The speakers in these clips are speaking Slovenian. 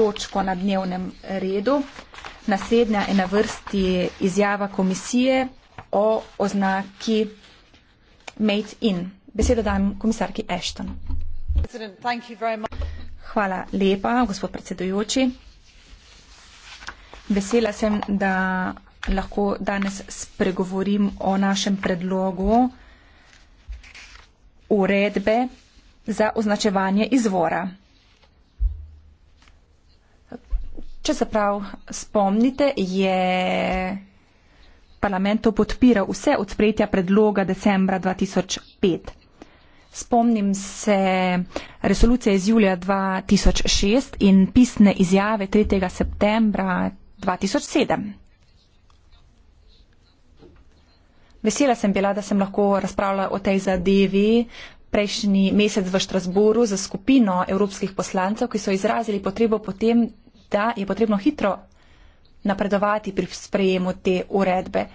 točko na dnevnem redu. Naslednja je na vrsti izjava komisije o oznaki Made in. Besedo dam komisarki Ashton. Hvala lepa, gospod predsedujoči. Vesela sem, da lahko danes spregovorim o našem predlogu uredbe za označevanje izvora. če se prav spomnite, je parlament to podpiral vse od sprejetja predloga decembra 2005. Spomnim se resolucije iz julija 2006 in pisne izjave 3. septembra 2007. Vesela sem bila, da sem lahko razpravljala o tej zadevi prejšnji mesec v Štrasburu za skupino evropskih poslancev, ki so izrazili potrebo potem, da je potrebno hitro napredovati pri sprejemu te uredbe.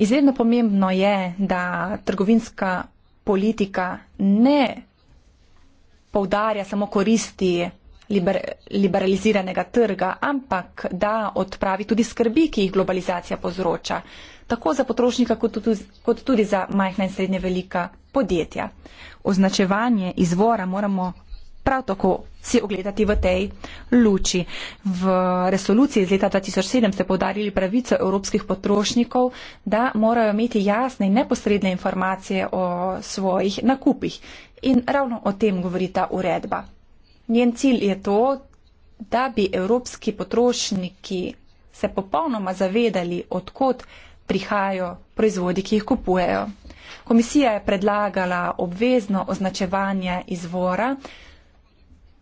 Izredno pomembno je, da trgovinska politika ne povdarja samo koristi liber liberaliziranega trga, ampak da odpravi tudi skrbi, ki jih globalizacija povzroča, tako za potrošnika kot tudi, kot tudi za majhna in srednje velika podjetja. Označevanje izvora moramo prav tako si ogledati v tej luči. V resoluciji iz leta 2007 ste podarili pravico evropskih potrošnikov, da morajo imeti jasne in neposredne informacije o svojih nakupih. In ravno o tem govori ta uredba. Njen cilj je to, da bi evropski potrošniki se popolnoma zavedali, odkot prihajajo proizvodi, ki jih kupujejo. Komisija je predlagala obvezno označevanje izvora,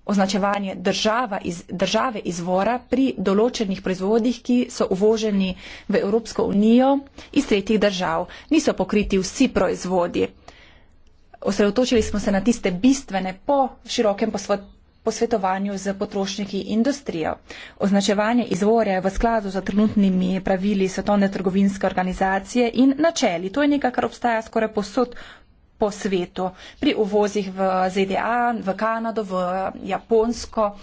označevanje država iz, države izvora pri določenih proizvodih, ki so uvoženi v Evropsko unijo iz tretjih držav. Niso pokriti vsi proizvodi. Osredotočili smo se na tiste bistvene po širokem posvet posvetovanju z potrošniki industrijo. Označevanje izvorja je v skladu z trenutnimi pravili Svetovne trgovinske organizacije in načeli. To je nekaj, kar obstaja skoraj posod po svetu, pri uvozih v ZDA, v Kanado, v Japonsko.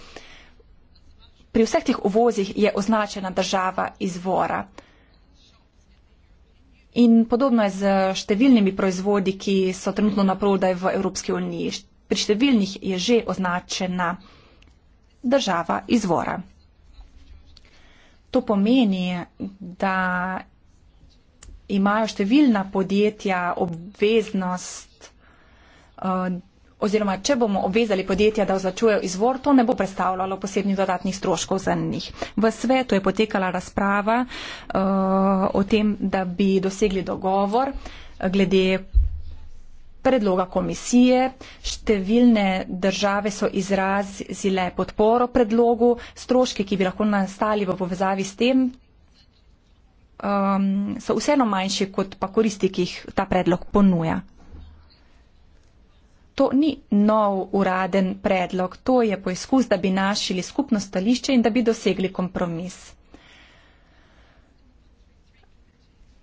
Pri vseh teh uvozih je označena država izvora. In podobno je z številnimi proizvodi, ki so trenutno na prodaj v Evropski uniji. Pri številnih je že označena država izvora. To pomeni, da imajo številna podjetja obveznost, eh, oziroma če bomo obvezali podjetja, da označujejo izvor, to ne bo predstavljalo posebnih dodatnih stroškov za njih. V svetu je potekala razprava eh, o tem, da bi dosegli dogovor eh, glede predloga komisije. Številne države so izrazile podporo predlogu, stroške, ki bi lahko nastali v povezavi s tem, um, so vseeno manjši kot pa koristi, ki jih ta predlog ponuja. To ni nov uraden predlog, to je poizkus, da bi našli skupno stališče in da bi dosegli kompromis.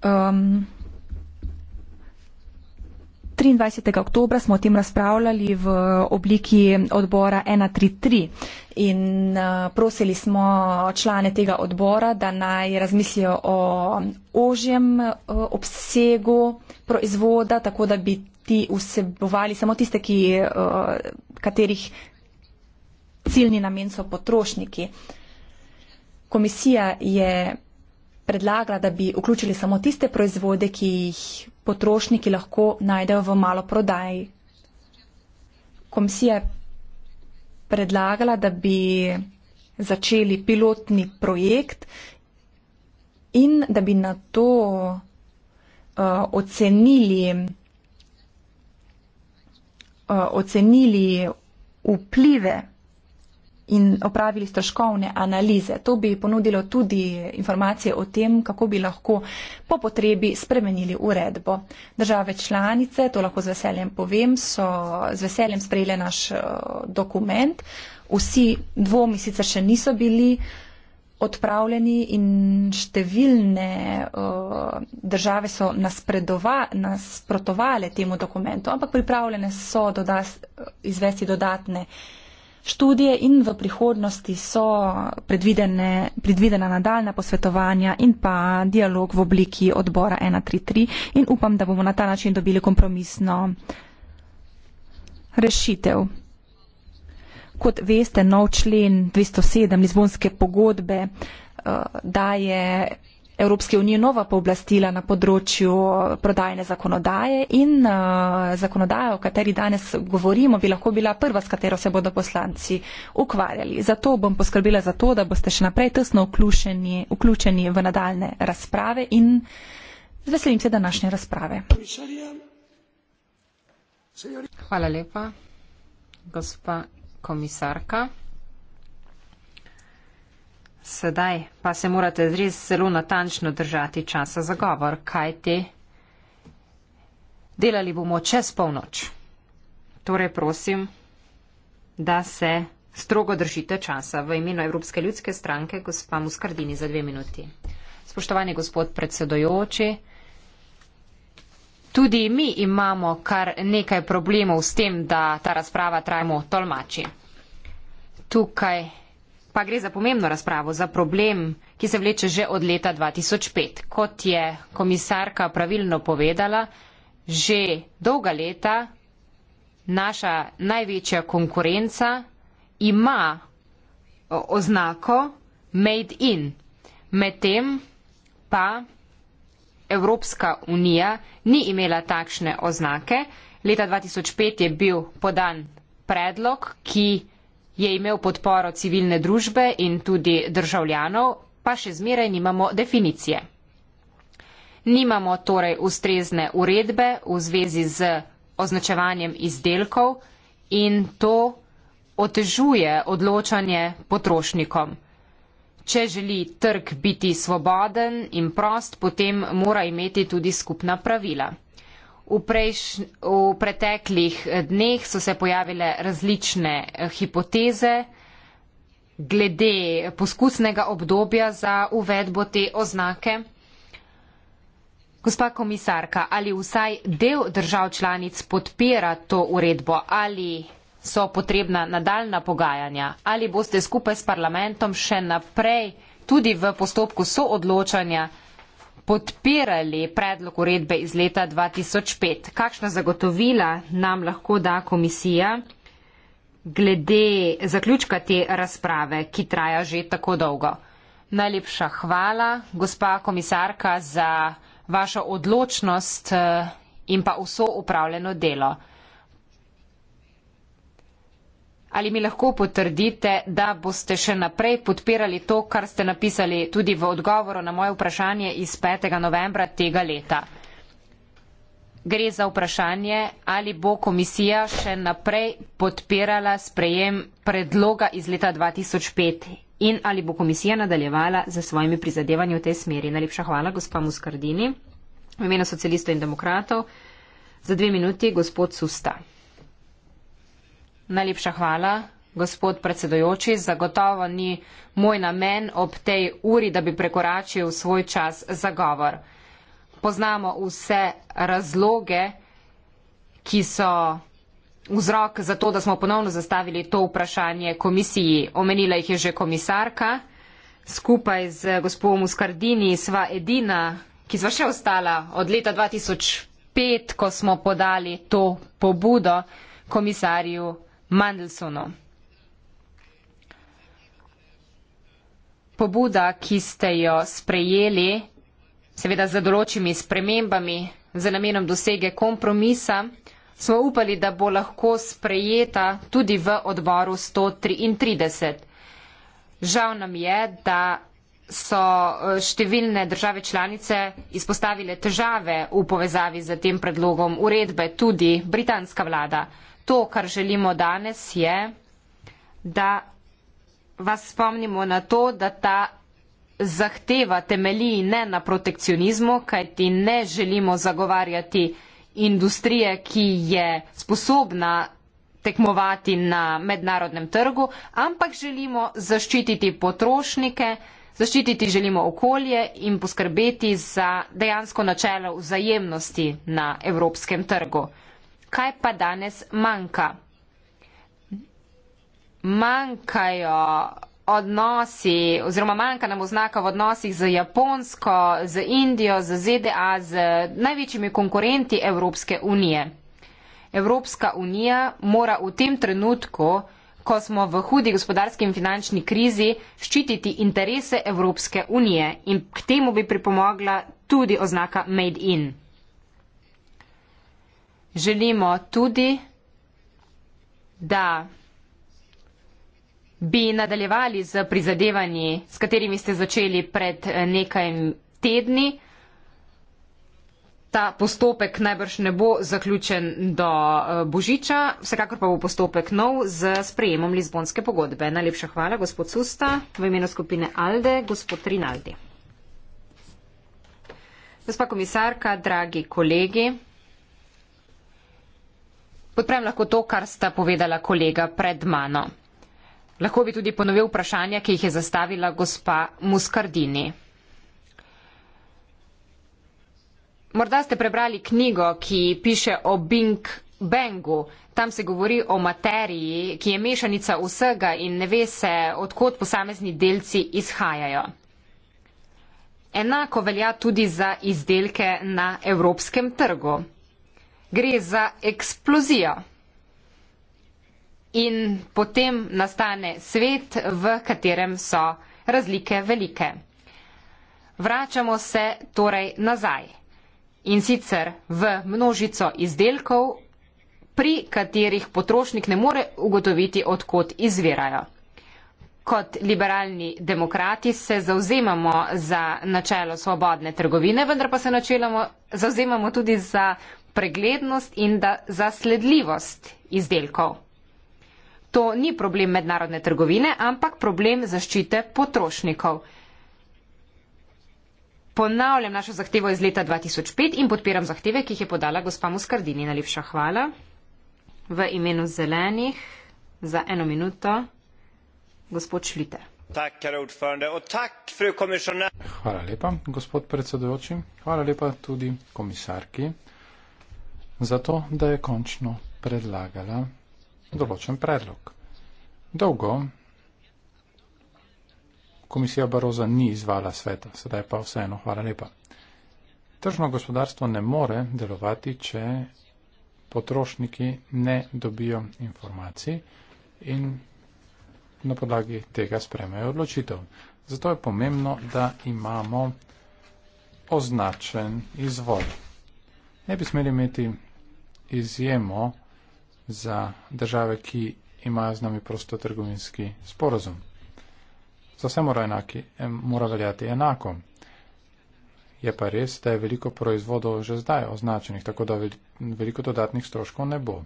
Um, 23. oktobra smo o tem razpravljali v obliki odbora 133 in eh, prosili smo člane tega odbora, da naj razmislijo o ožjem eh, obsegu proizvoda, tako da bi ti vsebovali samo tiste, ki, eh, katerih ciljni namen so potrošniki. Komisija je predlagala, da bi vključili samo tiste proizvode, ki jih potrošniki lahko najdejo v maloprodaji. Komisija je predlagala, da bi začeli pilotni projekt in da bi na to uh, ocenili, uh, ocenili vplive in opravili stroškovne analize. To bi ponudilo tudi informacije o tem, kako bi lahko po potrebi spremenili uredbo. Države članice, to lahko z veseljem povem, so z veseljem sprejele naš eh, dokument. Vsi dvomi sicer še niso bili odpravljeni in številne uh, države so nasprotovale temu dokumentu, ampak pripravljene so dodas, izvesti dodatne študije in v prihodnosti so predvidena nadaljna posvetovanja in pa dialog v obliki odbora 133 in upam, da bomo na ta način dobili kompromisno rešitev. Kot veste, nov člen 207 Lizbonske pogodbe eh, daje Evropske unije nova pooblastila na področju eh, prodajne zakonodaje in eh, zakonodaja, o kateri danes govorimo, bi lahko bila prva, s katero se bodo poslanci ukvarjali. Zato bom poskrbila za to, da boste še naprej tesno vključeni, vključeni v nadaljne razprave in z veselim se današnje razprave. Hvala lepa, gospa komisarka. Sedaj pa se morate res zelo natančno držati časa za govor, kaj te. Delali bomo čez polnoč. Torej prosim, da se strogo držite časa v imenu Evropske ljudske stranke, gospa Muskardini, za dve minuti. Spoštovani gospod predsedojoči, tudi mi imamo kar nekaj problemov s tem, da ta razprava trajmo tolmači. Tukaj pa gre za pomembno razpravo, za problem, ki se vleče že od leta 2005. Kot je komisarka pravilno povedala, že dolga leta naša največja konkurenca ima oznako Made in, medtem pa Evropska unija ni imela takšne oznake. Leta 2005 je bil podan predlog, ki je imel podporo civilne družbe in tudi državljanov, pa še zmeraj nimamo definicije. Nimamo torej ustrezne uredbe v zvezi z označevanjem izdelkov in to otežuje odločanje potrošnikom. Če želi trg biti svoboden in prost, potem mora imeti tudi skupna pravila. V, prejš, v preteklih dneh so se pojavile različne eh, hipoteze glede poskusnega obdobja za uvedbo te oznake. Gospa komisarka, ali vsaj del držav članic podpira to uredbo, ali so potrebna nadaljna pogajanja, ali boste skupaj s parlamentom še naprej tudi v postopku soodločanja podpirali predlog uredbe iz leta 2005. Kakšna zagotovila nam lahko da komisija glede zaključka te razprave, ki traja že tako dolgo? Najlepša hvala, gospa komisarka, za vašo odločnost eh, in pa vso upravljeno delo. Ali mi lahko potrdite, da boste še naprej podpirali to, kar ste napisali tudi v odgovoru na moje vprašanje iz 5. novembra tega leta? Gre za vprašanje, ali bo komisija še naprej podpirala sprejem predloga iz leta 2005 in ali bo komisija nadaljevala za svojimi prizadevanji v tej smeri. Najlepša hvala, gospa Muskardini, v imenu socialistov in demokratov. Za dve minuti, gospod Susta. Najlepša hvala, gospod predsedojoči. Zagotovo ni moj namen ob tej uri, da bi prekoračil svoj čas za govor. Poznamo vse razloge, ki so vzrok za to, da smo ponovno zastavili to vprašanje komisiji. Omenila jih je že komisarka. Skupaj z gospodom Muscardini sva edina, ki sva še ostala od leta 2005, ko smo podali to pobudo komisarju Mandelsonu. Pobuda, ki ste jo sprejeli, seveda z določimi spremembami, z namenom dosege kompromisa, smo upali, da bo lahko sprejeta tudi v odboru 133. Žal nam je, da so eh, številne države članice izpostavile težave v povezavi z tem predlogom uredbe, tudi britanska vlada to, kar želimo danes, je, da vas spomnimo na to, da ta zahteva temelji ne na protekcionizmu, kajti ne želimo zagovarjati industrije, ki je sposobna tekmovati na mednarodnem trgu, ampak želimo zaščititi potrošnike, zaščititi želimo okolje in poskrbeti za dejansko načelo vzajemnosti na evropskem trgu kaj pa danes manjka? Manjkajo odnosi oziroma manjka nam oznaka v odnosih z Japonsko, z Indijo, z ZDA, z največjimi konkurenti Evropske unije. Evropska unija mora v tem trenutku, ko smo v hudi gospodarski in finančni krizi, ščititi interese Evropske unije in k temu bi pripomogla tudi oznaka Made in želimo tudi, da bi nadaljevali z prizadevanji, s katerimi ste začeli pred eh, nekaj tedni. Ta postopek najbrž ne bo zaključen do eh, Božiča, vsekakor pa bo postopek nov z sprejemom Lizbonske pogodbe. Najlepša hvala, gospod Susta, v imenu skupine Alde, gospod Rinaldi. Gospa komisarka, dragi kolegi, Podprem lahko to, kar sta povedala kolega pred mano. Lahko bi tudi ponovil vprašanja, ki jih je zastavila gospa Muscardini. Morda ste prebrali knjigo, ki piše o Bing Bengu. Tam se govori o materiji, ki je mešanica vsega in ne ve se, odkot posamezni delci izhajajo. Enako velja tudi za izdelke na evropskem trgu gre za eksplozijo. In potem nastane svet, v katerem so razlike velike. Vračamo se torej nazaj in sicer v množico izdelkov, pri katerih potrošnik ne more ugotoviti, odkot izvirajo. Kot liberalni demokrati se zauzemamo za načelo svobodne trgovine, vendar pa se načeloma zauzemamo tudi za preglednost in da zasledljivost izdelkov. To ni problem mednarodne trgovine, ampak problem zaščite potrošnikov. Ponavljam našo zahtevo iz leta 2005 in podpiram zahteve, ki jih je podala gospa Muskardini. Najlepša hvala. V imenu zelenih za eno minuto gospod Šlite. Hvala lepa, gospod predsedujoči. Hvala lepa tudi komisarki zato da je končno predlagala določen predlog. Dolgo komisija Baroza ni izvala sveta, sedaj pa vseeno, hvala lepa. Tržno gospodarstvo ne more delovati, če potrošniki ne dobijo informacij in na podlagi tega spremejo odločitev. Zato je pomembno, da imamo označen izvor ne bi smeli imeti izjemo za države, ki imajo z nami prostotrgovinski sporozum. Za vse mora, enaki, mora veljati enako. Je pa res, da je veliko proizvodov že zdaj označenih, tako da veliko dodatnih stroškov ne bo.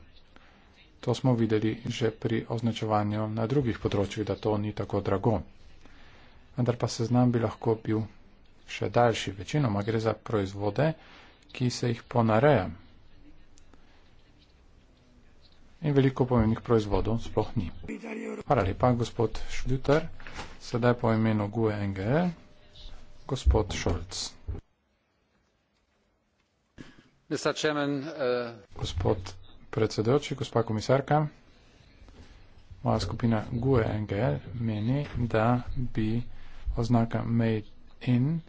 To smo videli že pri označevanju na drugih področjih, da to ni tako drago. Vendar pa seznam bi lahko bil še daljši. Večinoma gre za proizvode, ki se jih ponareja. In veliko pomembnih proizvodov sploh ni. Hvala lepa, gospod Šljuter. Sedaj po imenu GUE NGE, gospod Šolc. Eh, gospod predsedoči, gospa komisarka, moja skupina GUE NGE meni, da bi oznaka Made in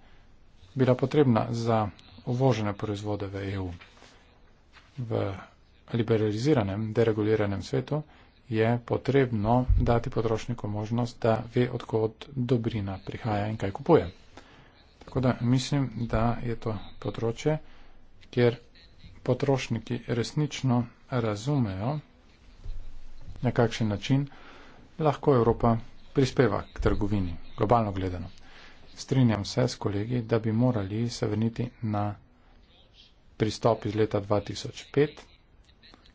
bila potrebna za uvožene proizvode v EU. V liberaliziranem, dereguliranem svetu je potrebno dati potrošniku možnost, da ve, odkot dobrina prihaja in kaj kupuje. Tako da mislim, da je to področje, kjer potrošniki resnično razumejo, na kakšen način lahko Evropa prispeva k trgovini, globalno gledano. Strinjam se s kolegi, da bi morali se vrniti na pristop iz leta 2005,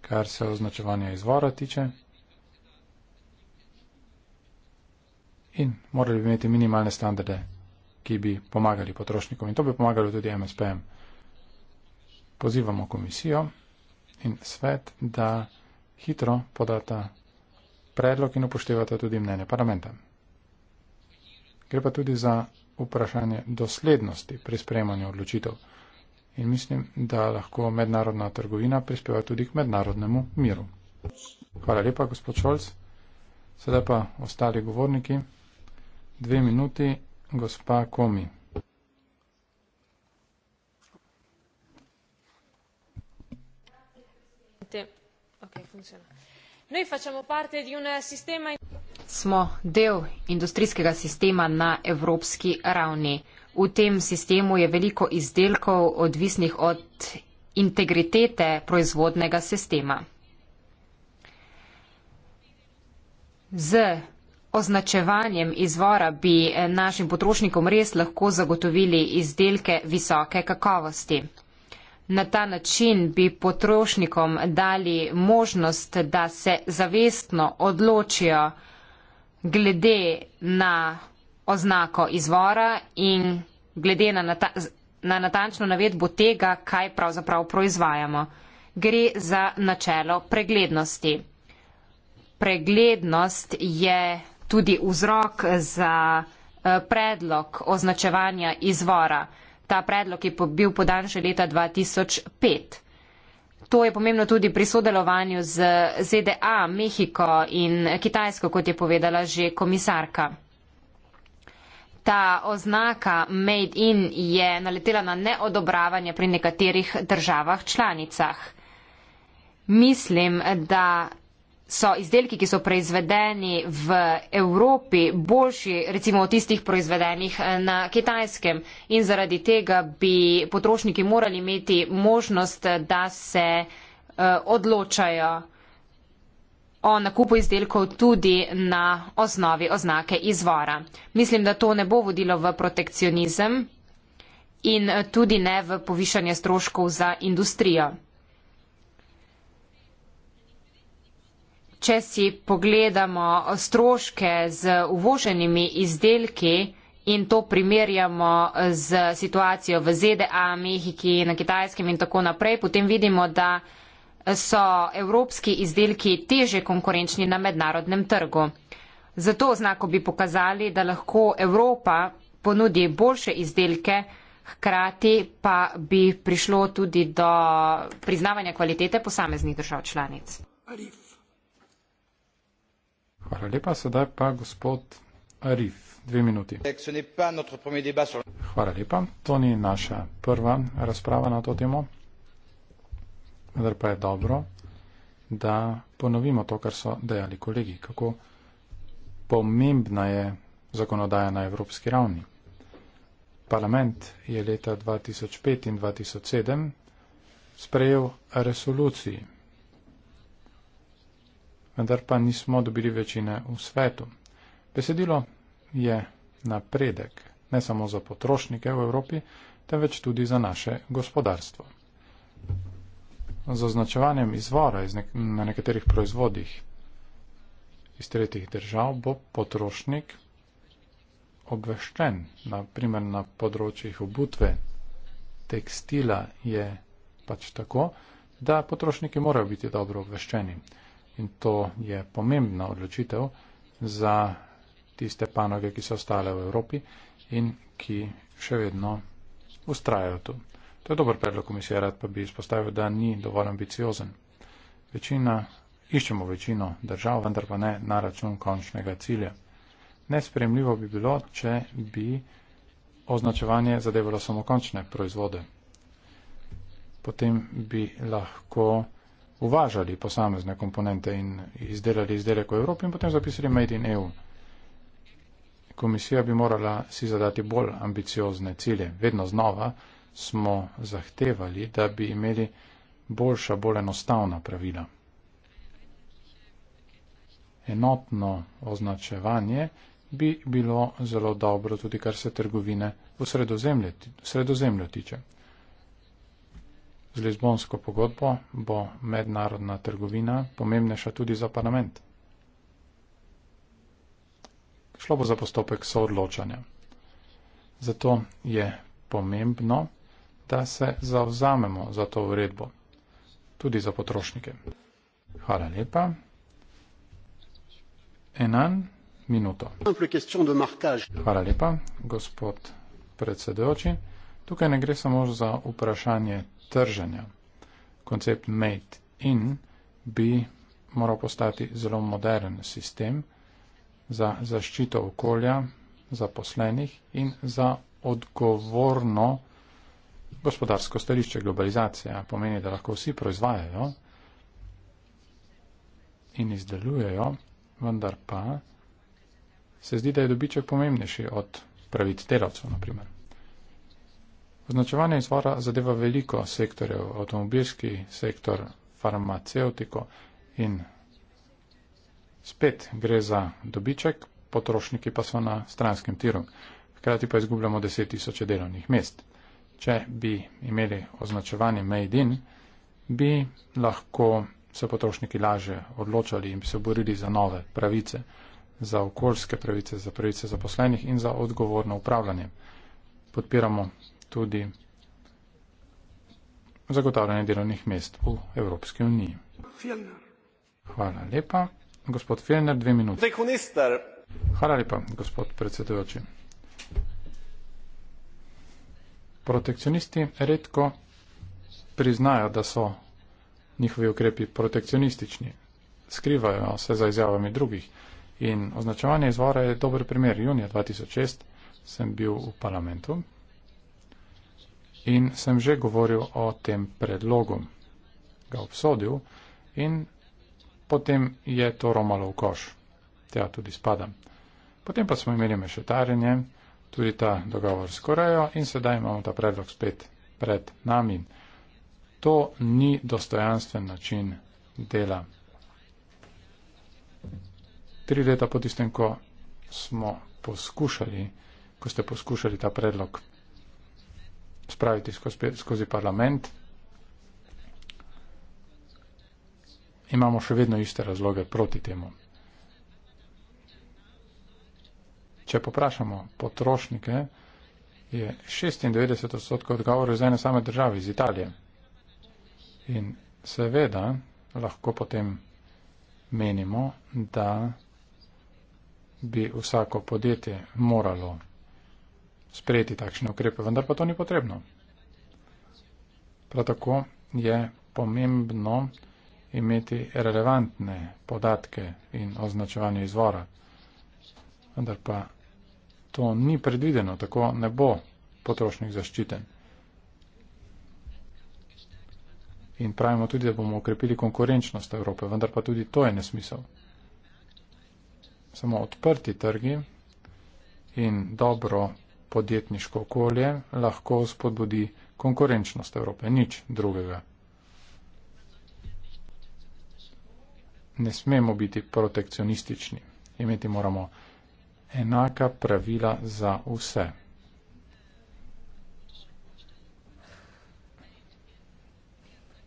kar se označevanja izvora tiče. In morali bi imeti minimalne standarde, ki bi pomagali potrošnikom in to bi pomagalo tudi MSPM. Pozivamo komisijo in svet, da hitro podata predlog in upoštevata tudi mnenje parlamenta. Gre pa tudi za vprašanje doslednosti pri sprejemanju odločitev. In mislim, da lahko mednarodna trgovina prispeva tudi k mednarodnemu miru. Hvala lepa, gospod Šolc. Sedaj pa ostali govorniki. Dve minuti, gospa Komi. Okay, Noi facciamo parte di un sistema smo del industrijskega sistema na evropski ravni. V tem sistemu je veliko izdelkov odvisnih od integritete proizvodnega sistema. Z označevanjem izvora bi našim potrošnikom res lahko zagotovili izdelke visoke kakovosti. Na ta način bi potrošnikom dali možnost, da se zavestno odločijo, glede na oznako izvora in glede na, nata na natančno navedbo tega, kaj pravzaprav proizvajamo. Gre za načelo preglednosti. Preglednost je tudi vzrok za eh, predlog označevanja izvora. Ta predlog je bil podan še leta 2005 to je pomembno tudi pri sodelovanju z ZDA, Mehiko in Kitajsko, kot je povedala že komisarka. Ta oznaka Made in je naletela na neodobravanje pri nekaterih državah članicah. Mislim, da so izdelki, ki so proizvedeni v Evropi, boljši recimo od tistih proizvedenih eh, na Kitajskem. In zaradi tega bi potrošniki morali imeti možnost, eh, da se eh, odločajo o nakupu izdelkov tudi na osnovi oznake izvora. Mislim, da to ne bo vodilo v protekcionizem in tudi ne v povišanje stroškov za industrijo. če si pogledamo stroške z uvoženimi izdelki in to primerjamo z situacijo v ZDA, Mehiki, na kitajskem in tako naprej, potem vidimo, da so evropski izdelki teže konkurenčni na mednarodnem trgu. Zato znako bi pokazali, da lahko Evropa ponudi boljše izdelke, hkrati pa bi prišlo tudi do priznavanja kvalitete posameznih držav članic. Arif. Hvala lepa, sedaj pa gospod Arif, dve minuti. Hvala lepa, to ni naša prva razprava na to temo, vendar pa je dobro, da ponovimo to, kar so dejali kolegi, kako pomembna je zakonodaja na evropski ravni. Parlament je leta 2005 in 2007 sprejel resoluciji vendar pa nismo dobili večine v svetu. Besedilo je napredek ne samo za potrošnike v Evropi, temveč tudi za naše gospodarstvo. Z označevanjem izvora iz nek na nekaterih proizvodih iz tretjih držav bo potrošnik obveščen, naprimer na področjih obutve tekstila je pač tako, da potrošniki morajo biti dobro obveščeni in to je pomembna odločitev za tiste panoge, ki so ostale v Evropi in ki še vedno ustrajajo tu. To je dober predlog komisije, rad pa bi izpostavil, da ni dovolj ambiciozen. Večina, iščemo večino držav, vendar pa ne na račun končnega cilja. Nespremljivo bi bilo, če bi označevanje zadevalo samo končne proizvode. Potem bi lahko uvažali posamezne komponente in izdelali izdelek v Evropi in potem zapisali Made in EU. Komisija bi morala si zadati bolj ambiciozne cilje. Vedno znova smo zahtevali, da bi imeli boljša, bolj enostavna pravila. Enotno označevanje bi bilo zelo dobro tudi, kar se trgovine v sredozemlju tiče. Z Lizbonsko pogodbo bo mednarodna trgovina pomembnejša tudi za parlament. Šlo bo za postopek soodločanja. Zato je pomembno, da se zauzamemo za to uredbo, tudi za potrošnike. Hvala lepa. Enan minuto. Hvala lepa, gospod predsedujoči. Tukaj ne gre samo za vprašanje trženja. Koncept made in bi moral postati zelo modern sistem za zaščito okolja, za poslenih in za odgovorno gospodarsko stališče globalizacije. Pomeni, da lahko vsi proizvajajo in izdelujejo, vendar pa se zdi, da je dobiček pomembnejši od pravic delavcev, naprimer. Označevanje izvora zadeva veliko sektorjev, avtomobilski sektor, farmacevtiko in spet gre za dobiček, potrošniki pa so na stranskem tiru. Hkrati pa izgubljamo 10 tisoč delovnih mest. Če bi imeli označevanje Made in, bi lahko se potrošniki laže odločali in bi se borili za nove pravice, za okoljske pravice, za pravice zaposlenih in za odgovorno upravljanje. Podpiramo tudi zagotavljanje delovnih mest v Evropski uniji. Hvala lepa. Gospod Fjellner, dve minute. Hvala lepa, gospod predsedujoči. Protekcionisti redko priznajo, da so njihovi ukrepi protekcionistični. Skrivajo se za izjavami drugih. In označevanje izvora je dober primer. Junija 2006 sem bil v parlamentu, in sem že govoril o tem predlogu. Ga obsodil in potem je to romalo v koš. Tja tudi spadam. Potem pa smo imeli mešetarjenje, tudi ta dogovor s Korejo in sedaj imamo ta predlog spet pred nami. To ni dostojanstven način dela. Tri leta po tistem, ko smo poskušali, ko ste poskušali ta predlog spraviti skozi, skozi parlament. Imamo še vedno iste razloge proti temu. Če poprašamo potrošnike, je 96 odstotkov odgovorov iz ene same države, iz Italije. In seveda lahko potem menimo, da bi vsako podjetje moralo sprejeti takšne ukrepe, vendar pa to ni potrebno. Prav tako je pomembno imeti relevantne podatke in označevanje izvora, vendar pa to ni predvideno, tako ne bo potrošnik zaščiten. In pravimo tudi, da bomo ukrepili konkurenčnost Evrope, vendar pa tudi to je nesmisel. Samo odprti trgi in dobro podjetniško okolje lahko spodbudi konkurenčnost Evrope, nič drugega. Ne smemo biti protekcionistični, imeti moramo enaka pravila za vse.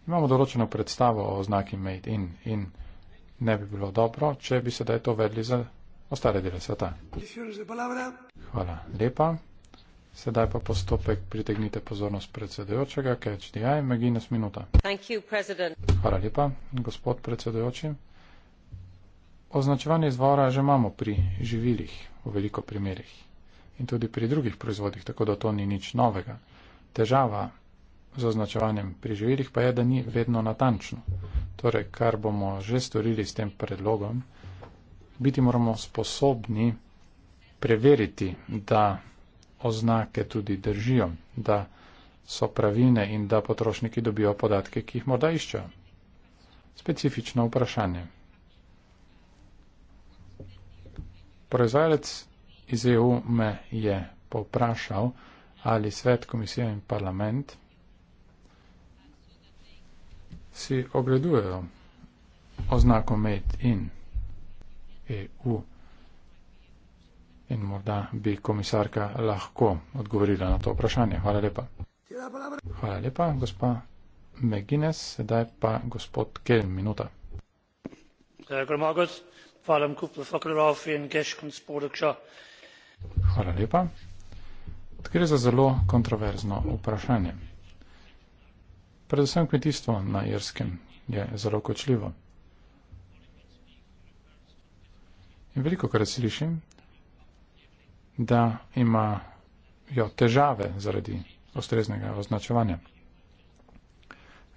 Imamo določeno predstavo o znaki made in in ne bi bilo dobro, če bi se da je to vedli za ostale dele sveta. Hvala lepa. Sedaj pa postopek pritegnite pozornost predsedujočega, ker je HDI, Meginas minuta. You, Hvala lepa, gospod predsedujoči. Označevanje izvora že imamo pri živilih v veliko primerjih in tudi pri drugih proizvodih, tako da to ni nič novega. Težava z označevanjem pri živilih pa je, da ni vedno natančno. Torej, kar bomo že storili s tem predlogom, biti moramo sposobni preveriti, da oznake tudi držijo, da so pravilne in da potrošniki dobijo podatke, ki jih morda iščejo. Specifično vprašanje. Proizvajalec iz EU me je poprašal, ali svet, komisija in parlament si ogledujejo oznako Made in EU. In morda bi komisarka lahko odgovorila na to vprašanje. Hvala lepa. Hvala lepa, gospa McGuinness. Sedaj pa gospod Kel, minuta. Hvala lepa. Gre za zelo kontroverzno vprašanje. Predvsem kmetijstvo na Irskem je zelo kočljivo. In veliko krat slišim, da imajo težave zaradi ustreznega označevanja.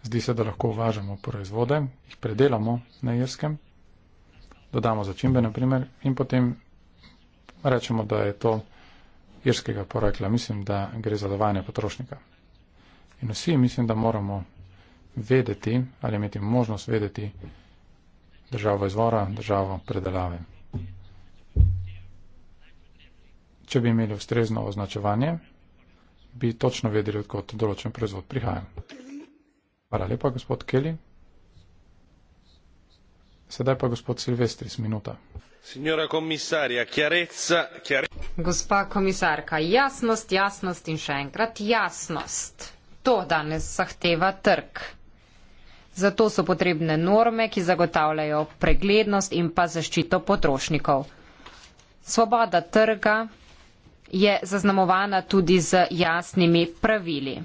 Zdi se, da lahko uvažamo proizvode, jih predelamo na irskem, dodamo začimbe naprimer in potem rečemo, da je to irskega porekla. Mislim, da gre za dovanje potrošnika. In vsi mislim, da moramo vedeti ali imeti možnost vedeti državo izvora, državo predelave. če bi imeli ustrezno označevanje, bi točno vedeli, odkot določen proizvod prihaja. Hvala lepa, gospod Kelly. Sedaj pa gospod Silvestris, minuta. Chiarezza, chiare... Gospa komisarka, jasnost, jasnost in še enkrat jasnost. To danes zahteva trg. Zato so potrebne norme, ki zagotavljajo preglednost in pa zaščito potrošnikov. Svoboda trga je zaznamovana tudi z jasnimi pravili.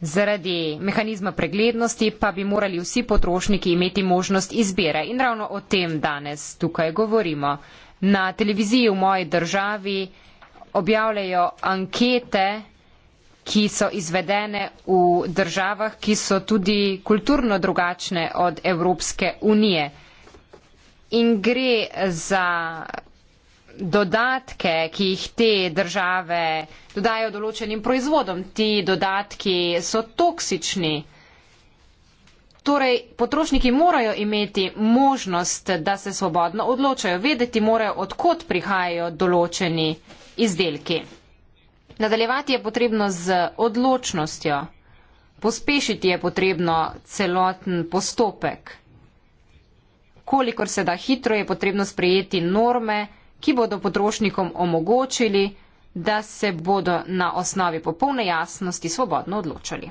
Zaradi mehanizma preglednosti pa bi morali vsi potrošniki imeti možnost izbire in ravno o tem danes tukaj govorimo. Na televiziji v moji državi objavljajo ankete, ki so izvedene v državah, ki so tudi kulturno drugačne od Evropske unije. In gre za dodatke, ki jih te države dodajo določenim proizvodom. Ti dodatki so toksični. Torej, potrošniki morajo imeti možnost, da se svobodno odločajo, vedeti morajo, odkot prihajajo določeni izdelki. Nadaljevati je potrebno z odločnostjo, pospešiti je potrebno celoten postopek. Kolikor se da hitro, je potrebno sprejeti norme, ki bodo potrošnikom omogočili, da se bodo na osnovi popolne jasnosti svobodno odločali.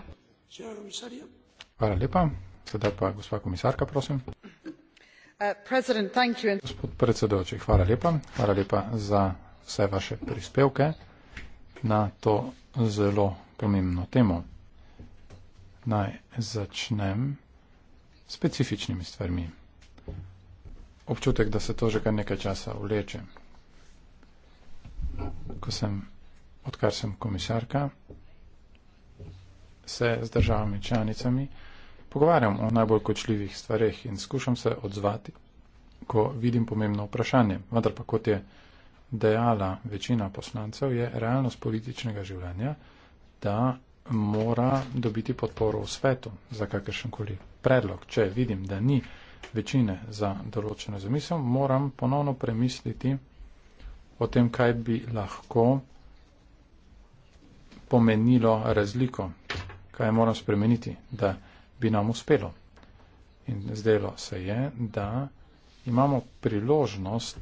Hvala lepa. Sedaj pa gospa komisarka, prosim. Uh, Gospod predsedoči, hvala lepa. Hvala lepa za vse vaše prispevke na to zelo pomembno temo. Naj začnem specifičnimi stvarmi. Občutek, da se to že kar nekaj časa vleče, ko sem, odkar sem komisarka, se z državami članicami pogovarjam o najbolj kočljivih stvarih in skušam se odzvati, ko vidim pomembno vprašanje. Vendar pa kot je dejala večina poslancev, je realnost političnega življenja, da mora dobiti podporo v svetu za kakršenkoli predlog. Če vidim, da ni večine za določeno zamisel, moram ponovno premisliti o tem, kaj bi lahko pomenilo razliko, kaj moram spremeniti, da bi nam uspelo. In zdelo se je, da imamo priložnost,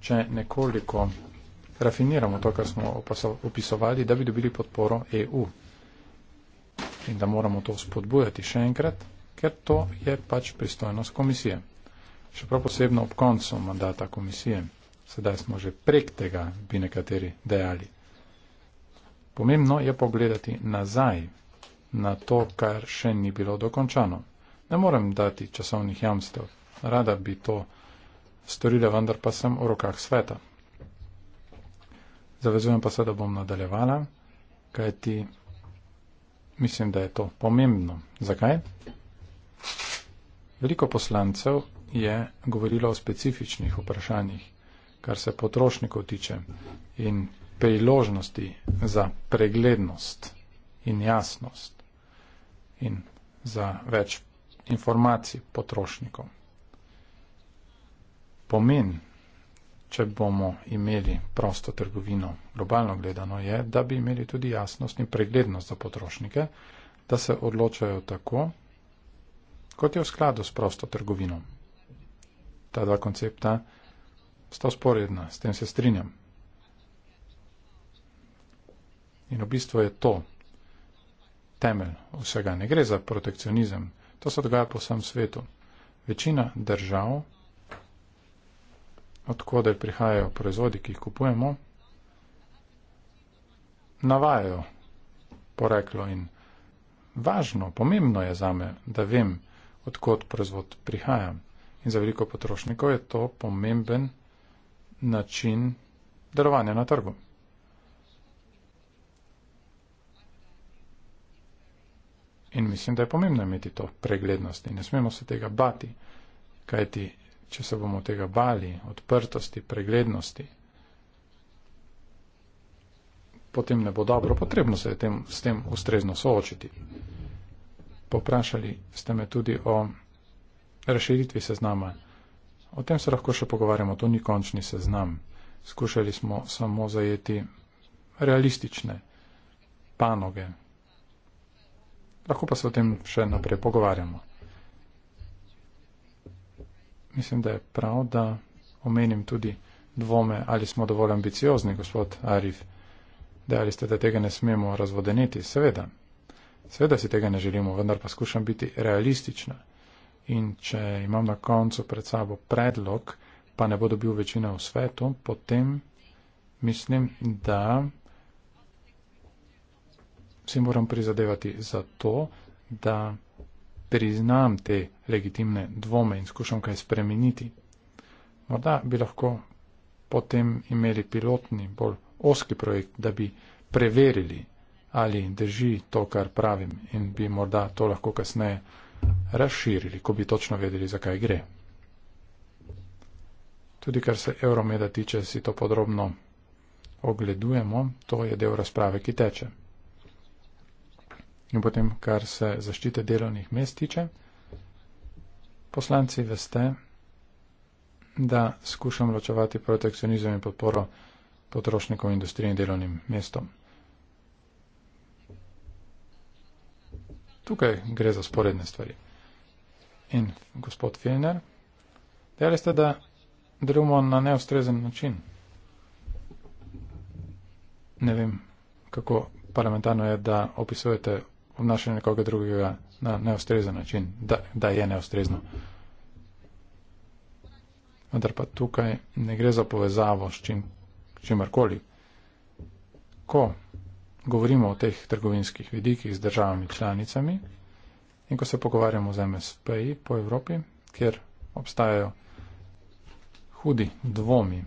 če nekoliko rafiniramo to, kar smo opisovali, da bi dobili podporo EU. In da moramo to spodbujati še enkrat, ker to je pač pristojnost komisije. Še prav posebno ob koncu mandata komisije sedaj smo že prek tega, bi nekateri dejali. Pomembno je pogledati nazaj na to, kar še ni bilo dokončano. Ne morem dati časovnih jamstev, rada bi to storila, vendar pa sem v rokah sveta. Zavezujem pa se, da bom nadaljevala, kajti mislim, da je to pomembno. Zakaj? Veliko poslancev je govorilo o specifičnih vprašanjih, kar se potrošnikov tiče, in priložnosti za preglednost in jasnost in za več informacij potrošnikov. Pomen, če bomo imeli prosto trgovino, globalno gledano, je, da bi imeli tudi jasnost in preglednost za potrošnike, da se odločajo tako, kot je v skladu s prosto trgovino. Ta dva koncepta sta sporedna, s tem se strinjam. In v bistvu je to temelj vsega. Ne gre za protekcionizem, to se dogaja po vsem svetu. Večina držav, odkuder prihajajo proizvodi, ki jih kupujemo, navajajo poreklo in važno, pomembno je za me, da vem, odkot proizvod prihaja. In za veliko potrošnikov je to pomemben način delovanja na trgu. In mislim, da je pomembno imeti to preglednost in ne smemo se tega bati, kajti če se bomo tega bali, odprtosti, preglednosti, potem ne bo dobro, potrebno se je tem, s tem ustrezno soočiti. Poprašali ste me tudi o razširitvi seznama. O tem se lahko še pogovarjamo, to ni končni seznam. Skušali smo samo zajeti realistične panoge. Lahko pa se o tem še naprej pogovarjamo. Mislim, da je prav, da omenim tudi dvome, ali smo dovolj ambiciozni, gospod Arif. Dejali ste, da tega ne smemo razvodeniti. Seveda. Seveda si tega ne želimo, vendar pa skušam biti realistična. In če imam na koncu pred sabo predlog, pa ne bo dobil večine v svetu, potem mislim, da si moram prizadevati za to, da priznam te legitimne dvome in skušam kaj spremeniti. Morda bi lahko potem imeli pilotni, bolj oski projekt, da bi preverili, ali drži to, kar pravim in bi morda to lahko kasneje razširili, ko bi točno vedeli, zakaj gre. Tudi kar se Euromeda tiče, si to podrobno ogledujemo, to je del razprave, ki teče. In potem, kar se zaščite delovnih mest tiče, poslanci veste, da skušam ločevati protekcionizem in podporo potrošnikov industrije in delovnim mestom. tukaj gre za sporedne stvari. In gospod Filner, dejali ste, da drumo na neustrezen način. Ne vem, kako parlamentarno je, da opisujete obnašanje nekoga drugega na neustrezen način, da, da je neustrezno. Vendar pa tukaj ne gre za povezavo s čim, čimarkoli. Ko govorimo o teh trgovinskih vidikih z državami članicami in ko se pogovarjamo z MSP-ji po Evropi, kjer obstajajo hudi dvomi,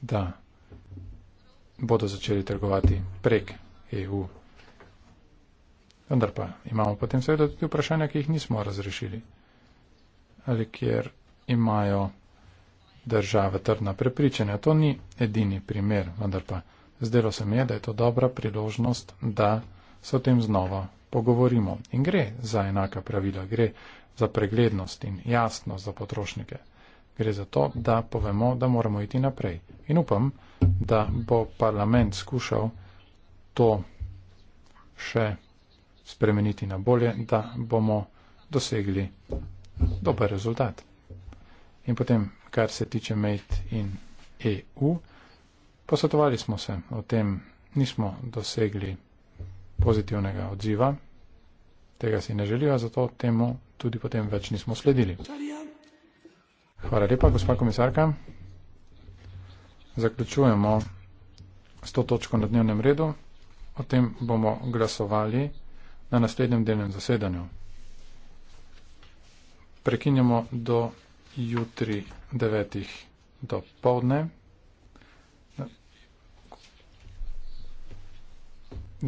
da bodo začeli trgovati prek EU. Vendar pa imamo potem seveda tudi vprašanja, ki jih nismo razrešili ali kjer imajo države trdna prepričanja. To ni edini primer, vendar pa zdelo se mi je, da je to dobra priložnost, da se o tem znova pogovorimo. In gre za enaka pravila, gre za preglednost in jasnost za potrošnike. Gre za to, da povemo, da moramo iti naprej. In upam, da bo parlament skušal to še spremeniti na bolje, da bomo dosegli dober rezultat. In potem kar se tiče Made in EU. Posvetovali smo se o tem, nismo dosegli pozitivnega odziva, tega si ne želijo, zato temu tudi potem več nismo sledili. Hvala lepa, gospa komisarka. Zaključujemo s to točko na dnevnem redu. O tem bomo glasovali na naslednjem delnem zasedanju. Prekinjamo do jutri 9. do povdne.